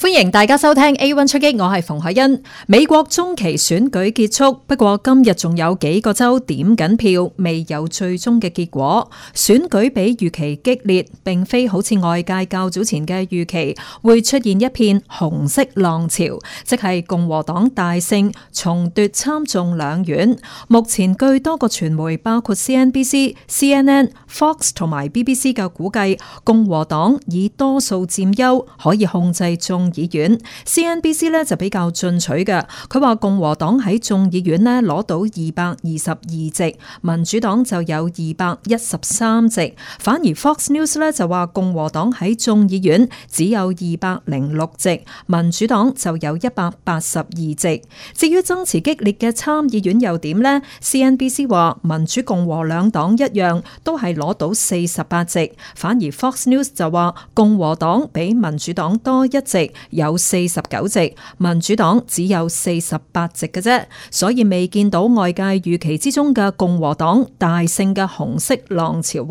歡迎大家收聽 A1 出擊，我係馮海欣。美國中期選舉結束，不過今日仲有幾個州點緊票，未有最終嘅結果。選舉比預期激烈，並非好似外界較早前嘅預期會出現一片紅色浪潮，即係共和黨大勝，重奪參眾兩院。目前據多個傳媒，包括 CNBC、CNN、Fox 同埋 BBC 嘅估計，共和黨以多數佔優，可以控制眾。議院，CNBC 咧就比較進取嘅，佢話共和黨喺眾議院咧攞到二百二十二席，民主黨就有二百一十三席。反而 Fox News 咧就話共和黨喺眾議院只有二百零六席，民主黨就有一百八十二席。至於爭持激烈嘅參議院又點呢？CNBC 話民主共和兩黨一樣都係攞到四十八席，反而 Fox News 就話共和黨比民主黨多一席。有四十九席，民主黨只有四十八席嘅啫，所以未見到外界預期之中嘅共和黨大勝嘅紅色浪潮。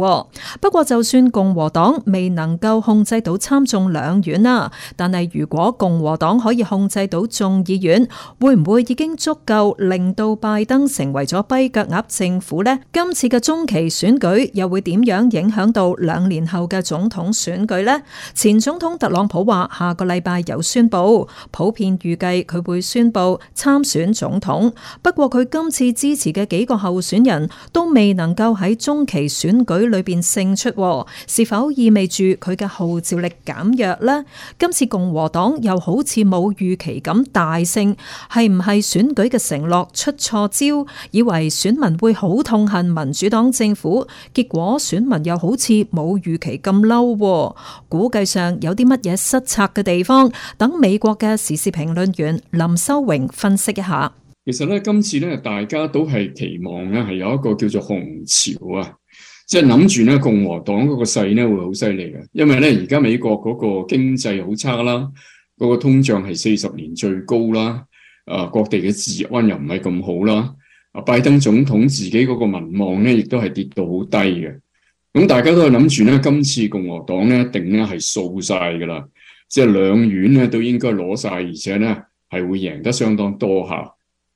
不過就算共和黨未能夠控制到參眾兩院啦，但係如果共和黨可以控制到眾議院，會唔會已經足夠令到拜登成為咗跛腳鴨政府呢？今次嘅中期選舉又會點樣影響到兩年後嘅總統選舉呢？前總統特朗普話下個禮拜。有宣佈，普遍預計佢會宣佈參選總統。不過佢今次支持嘅幾個候選人都未能夠喺中期選舉裏邊勝出，是否意味住佢嘅號召力減弱咧？今次共和黨又好似冇預期咁大勝，係唔係選舉嘅承諾出錯招？以為選民會好痛恨民主黨政府，結果選民又好似冇預期咁嬲，估計上有啲乜嘢失策嘅地方。等美國嘅時事評論員林修榮分析一下。其實咧，今次咧，大家都係期望咧，係有一個叫做紅潮啊，即係諗住咧，共和黨嗰個勢咧會好犀利嘅。因為咧，而家美國嗰個經濟好差啦，嗰個通脹係四十年最高啦，啊，各地嘅治安又唔係咁好啦，啊，拜登總統自己嗰個民望咧，亦都係跌到好低嘅。咁大家都係諗住咧，今次共和黨咧，一定咧係掃晒噶啦。即係兩院咧都應該攞晒，而且咧係會贏得相當多下。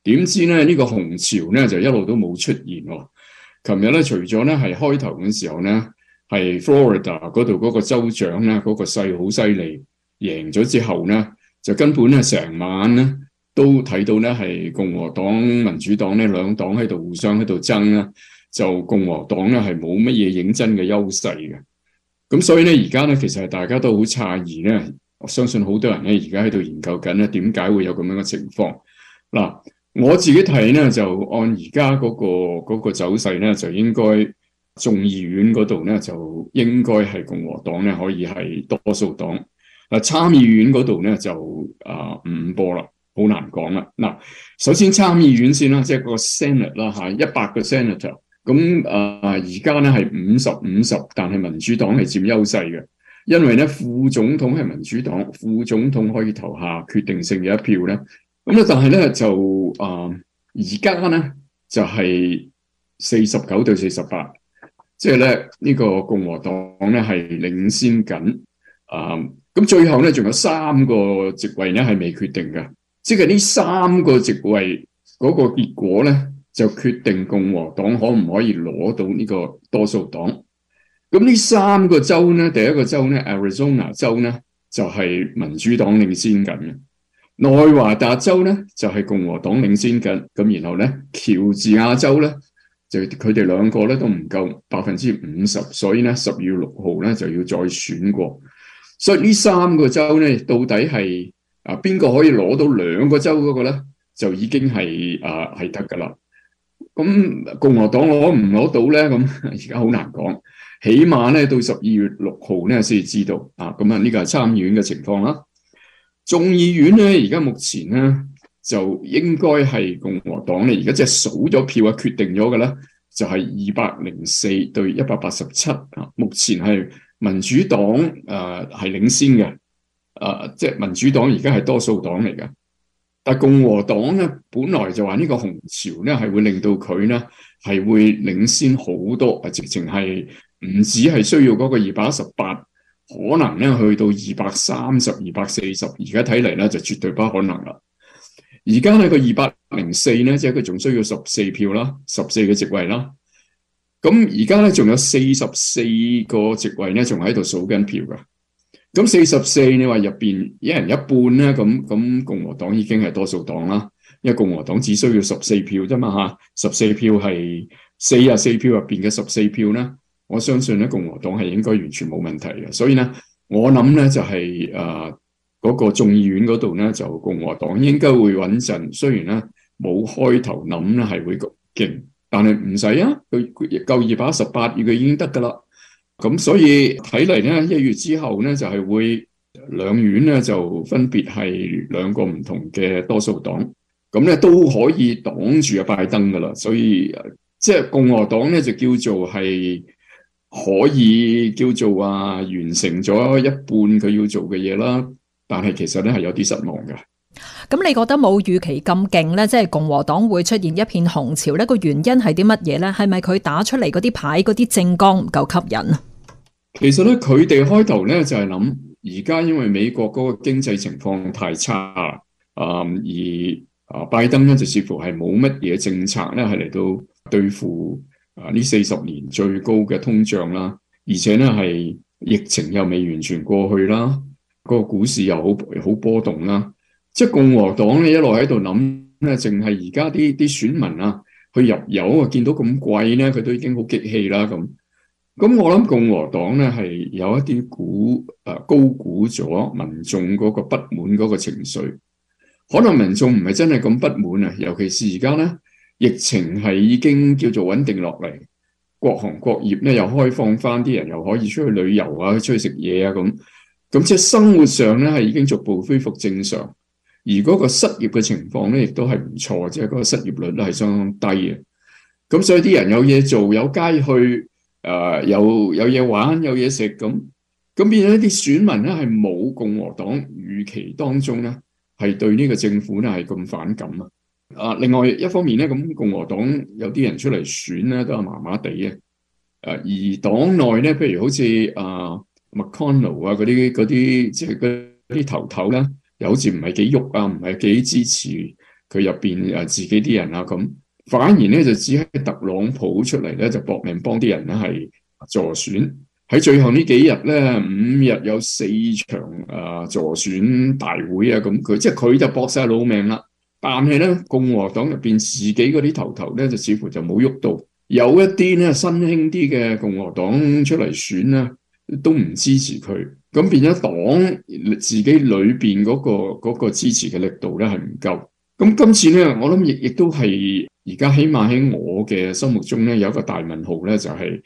點知咧呢個紅潮咧就一路都冇出現喎。琴日咧除咗咧係開頭嘅時候咧係 Florida 嗰度嗰個州長咧嗰個勢好犀利，贏咗之後咧就根本咧成晚咧都睇到咧係共和黨、民主黨咧兩黨喺度互相喺度爭啦，就共和黨咧係冇乜嘢認真嘅優勢嘅。咁所以咧，而家咧，其實係大家都好差異咧。我相信好多人咧，而家喺度研究緊咧，點解會有咁樣嘅情況？嗱，我自己睇咧，就按而家嗰個嗰、那個、走勢咧，就應該眾議院嗰度咧，就應該係共和黨咧，可以係多數黨。嗱，參議院嗰度咧，就啊五波啦，好、呃、難講啦。嗱，首先參議院先啦，即、就、係、是、個 s e n a t e 啦嚇，一百個 senator。咁啊，而家咧係五十五十，但係民主黨係佔優勢嘅，因為咧副總統係民主黨，副總統可以投下決定性嘅一票咧。咁咧，但係咧就啊，而家咧就係四十九對四十八，即係咧呢個共和黨咧係領先緊啊。咁最後咧仲有三個席位咧係未決定嘅，即係呢三個席位嗰個結果咧。就決定共和黨可唔可以攞到呢個多數黨？咁呢三個州咧，第一個州咧，Arizona 州咧，就係、是、民主黨領先緊嘅；內華達州咧，就係、是、共和黨領先緊。咁然後咧，喬治亞州咧，就佢哋兩個咧都唔夠百分之五十，所以咧十月六號咧就要再選過。所以呢三個州咧，到底係啊邊個可以攞到兩個州嗰個咧，就已經係啊係得㗎喇。咁共和黨攞唔攞到咧？咁而家好難講，起碼咧到十二月六號咧先至知道啊！咁啊呢個係參議院嘅情況啦。眾議院咧，而家目前咧就應該係共和黨咧，而家即係數咗票啊，決定咗嘅咧，就係二百零四對一百八十七啊。目前係民主黨誒係領先嘅，誒即係民主黨而家係多數黨嚟嘅。但共和黨咧，本來就話呢個紅潮咧，係會令到佢咧，係會領先好多，直情係唔止係需要嗰個二百一十八，可能咧去到二百三十、二百四十，而家睇嚟咧就絕對不可能啦。而家喺個二百零四咧，即係佢仲需要十四票啦，十四個席位啦。咁而家咧仲有四十四個席位咧，仲喺度數緊票噶。咁四十四，你話入邊一人一半咧，咁咁共和黨已經係多數黨啦。因為共和黨只需要十四票啫嘛，吓，十四票係四啊四票入邊嘅十四票咧，我相信咧共和黨係應該完全冇問題嘅。所以咧、就是，我諗咧就係誒嗰個眾議院嗰度咧就共和黨應該會穩陣，雖然咧冇開頭諗咧係會勁，但係唔使啊，夠夠二百一十八佢已經得噶啦。咁所以睇嚟咧，一月之後咧就係、是、會兩院咧就分別係兩個唔同嘅多數黨，咁咧都可以擋住阿拜登噶啦。所以即係、就是、共和黨咧就叫做係可以叫做啊完成咗一半佢要做嘅嘢啦，但係其實咧係有啲失望嘅。咁你覺得冇預期咁勁咧，即、就、係、是、共和黨會出現一片紅潮呢、那個原因係啲乜嘢咧？係咪佢打出嚟嗰啲牌嗰啲政綱唔夠吸引？其實咧，佢哋開頭咧就係諗，而家因為美國嗰個經濟情況太差啦，啊、嗯，而啊拜登咧就似乎係冇乜嘢政策咧，係嚟到對付啊呢四十年最高嘅通脹啦，而且咧係疫情又未完全過去啦，個股市又好好波動啦，即係共和黨咧一路喺度諗咧，淨係而家啲啲選民啊，去入油啊，見到咁貴咧，佢都已經好激氣啦咁。咁我諗共和黨咧係有一啲估，誒、呃、高估咗民眾嗰個不滿嗰個情緒，可能民眾唔係真係咁不滿啊，尤其是而家咧疫情係已經叫做穩定落嚟，各行各業咧又開放翻，啲人又可以出去旅遊去去啊，出去食嘢啊咁，咁即係生活上咧係已經逐步恢復正常，而嗰個失業嘅情況咧亦都係唔錯，即係個失業率咧係相當低嘅，咁所以啲人有嘢做，有街去。誒、呃，有有嘢玩，有嘢食，咁咁變咗一啲選民咧，係冇共和黨預期當中咧，係對呢個政府咧係咁反感啊！啊，另外一方面咧，咁共和黨有啲人出嚟選咧都係麻麻地嘅，誒、啊，而黨內咧，譬如好似阿、啊、McConnell 啊，嗰啲嗰啲即係嗰啲頭頭咧，又好似唔係幾喐啊，唔係幾支持佢入邊誒自己啲人啊咁。反而咧就只係特朗普出嚟咧就搏命幫啲人咧係助選，喺最後呢幾日咧，五日有四場啊助選大會啊，咁佢即係佢就搏晒老命啦。但係咧共和黨入邊自己嗰啲頭頭咧就似乎就冇喐到，有一啲咧新興啲嘅共和黨出嚟選咧都唔支持佢，咁變咗黨自己裏邊嗰個嗰個支持嘅力度咧係唔夠。咁今次咧，我諗亦亦都係而家，起碼喺我嘅心目中咧，有一個大問號咧，就係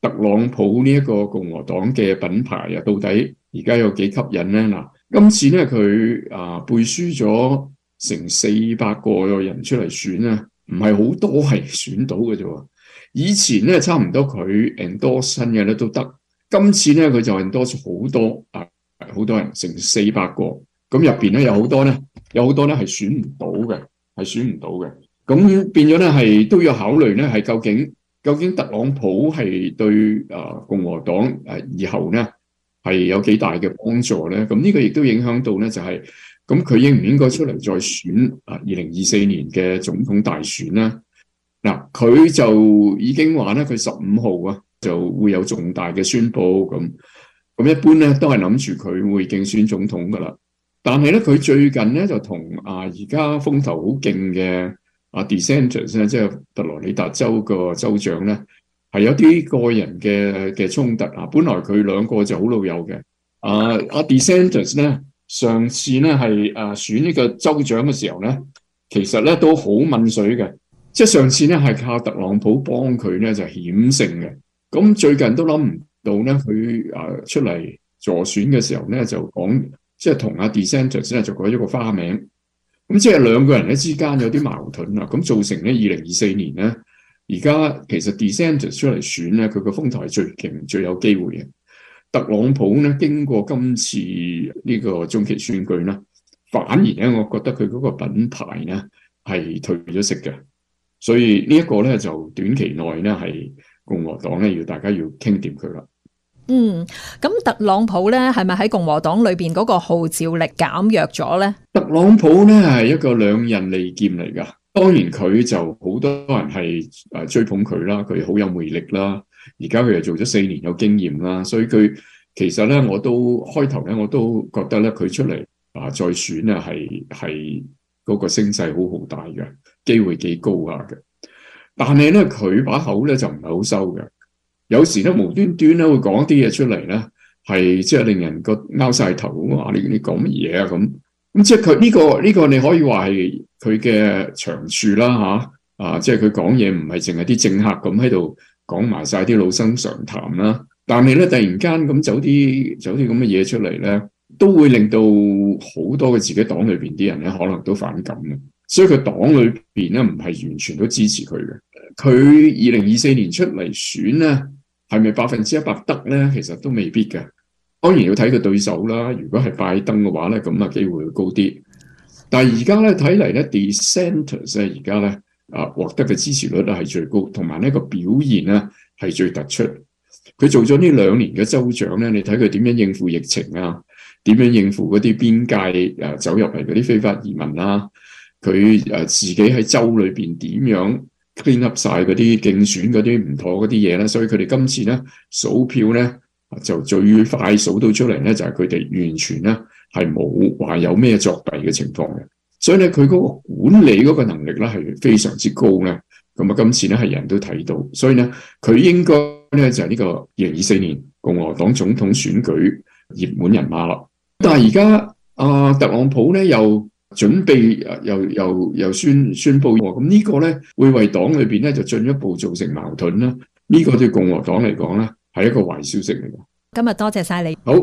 特朗普呢一個共和黨嘅品牌啊，到底而家有幾吸引咧？嗱，今次咧佢啊背書咗成四百個人出嚟選啊，唔係好多係選到嘅啫。以前咧差唔多佢 endorse 新嘅咧都得，今次咧佢就 endorse 好多啊，好多人成四百個。咁入邊咧有好多咧，有好多咧係選唔到嘅，係選唔到嘅。咁變咗咧係都要考慮咧，係究竟究竟特朗普係對共和黨誒以後咧係有幾大嘅幫助咧？咁呢個亦都影響到咧，就係咁佢應唔應該出嚟再選啊？二零二四年嘅總統大選咧，嗱，佢就已經話咧佢十五號啊就會有重大嘅宣布，咁咁一般咧都係諗住佢會競選總統噶啦。但係咧，佢最近咧就同啊而家風頭好勁嘅阿 DeSantis 咧，即係特羅里達州個州長咧，係有啲個人嘅嘅衝突啊。本來佢兩個就好老友嘅，啊阿 DeSantis 咧，上次咧係啊選呢個州長嘅時候咧，其實咧都好抿水嘅，即係上次咧係靠特朗普幫佢咧就險勝嘅。咁最近都諗唔到咧，佢啊出嚟助選嘅時候咧就講。即係同阿 DeSantis 就改咗個花名，咁即係兩個人咧之間有啲矛盾啦，咁造成咧二零二四年咧，而家其實 DeSantis 出嚟選咧，佢個風頭係最勁、最有機會嘅。特朗普咧經過今次呢個中期選舉咧，反而咧我覺得佢嗰個品牌咧係退咗色嘅，所以呢一個咧就短期內咧係共和黨咧要大家要傾掂佢啦。嗯，咁特朗普咧係咪喺共和黨裏邊嗰個號召力減弱咗咧？特朗普咧係一個兩刃利劍嚟噶，當然佢就好多人係誒追捧佢啦，佢好有魅力啦。而家佢又做咗四年有經驗啦，所以佢其實咧，我都開頭咧我都覺得咧佢出嚟啊再選啊係係嗰個聲勢好好大嘅，機會幾高下嘅。但係咧佢把口咧就唔係好收嘅。有時咧無端端咧會講啲嘢出嚟咧，係即係令人個拗晒頭啊！你你講乜嘢啊咁？咁即係佢呢個呢個你可以話係佢嘅長處啦吓，啊！即係佢講嘢唔係淨係啲政客咁喺度講埋晒啲老生常談啦，但係咧突然間咁走啲走啲咁嘅嘢出嚟咧，都會令到好多嘅自己黨裏邊啲人咧可能都反感嘅。所以佢黨裏邊咧唔係完全都支持佢嘅。佢二零二四年出嚟選咧。係咪百分之一百得咧？其實都未必嘅。當然要睇佢對手啦。如果係拜登嘅話咧，咁啊機會會高啲。但係而家咧睇嚟咧，DeSantis 而家咧啊獲得嘅支持率咧係最高，同埋呢個表現咧係最突出。佢做咗呢兩年嘅州長咧，你睇佢點樣應付疫情啊？點樣應付嗰啲邊界啊走入嚟嗰啲非法移民啦、啊？佢誒、啊、自己喺州裏邊點樣？clean up 晒嗰啲競選嗰啲唔妥嗰啲嘢咧，所以佢哋今次咧數票咧就最快數到出嚟咧，就係佢哋完全咧係冇話有咩作弊嘅情況嘅，所以咧佢嗰個管理嗰個能力咧係非常之高咧，咁啊今次咧係人都睇到，所以咧佢應該咧就係呢個二零二四年共和黨總統選舉熱門人馬啦，但係而家啊特朗普咧又。準備又又又宣宣佈，咁呢個咧會為黨裏邊咧就進一步造成矛盾啦。呢個對共和黨嚟講咧係一個壞消息嚟嘅。今日多謝晒你。好。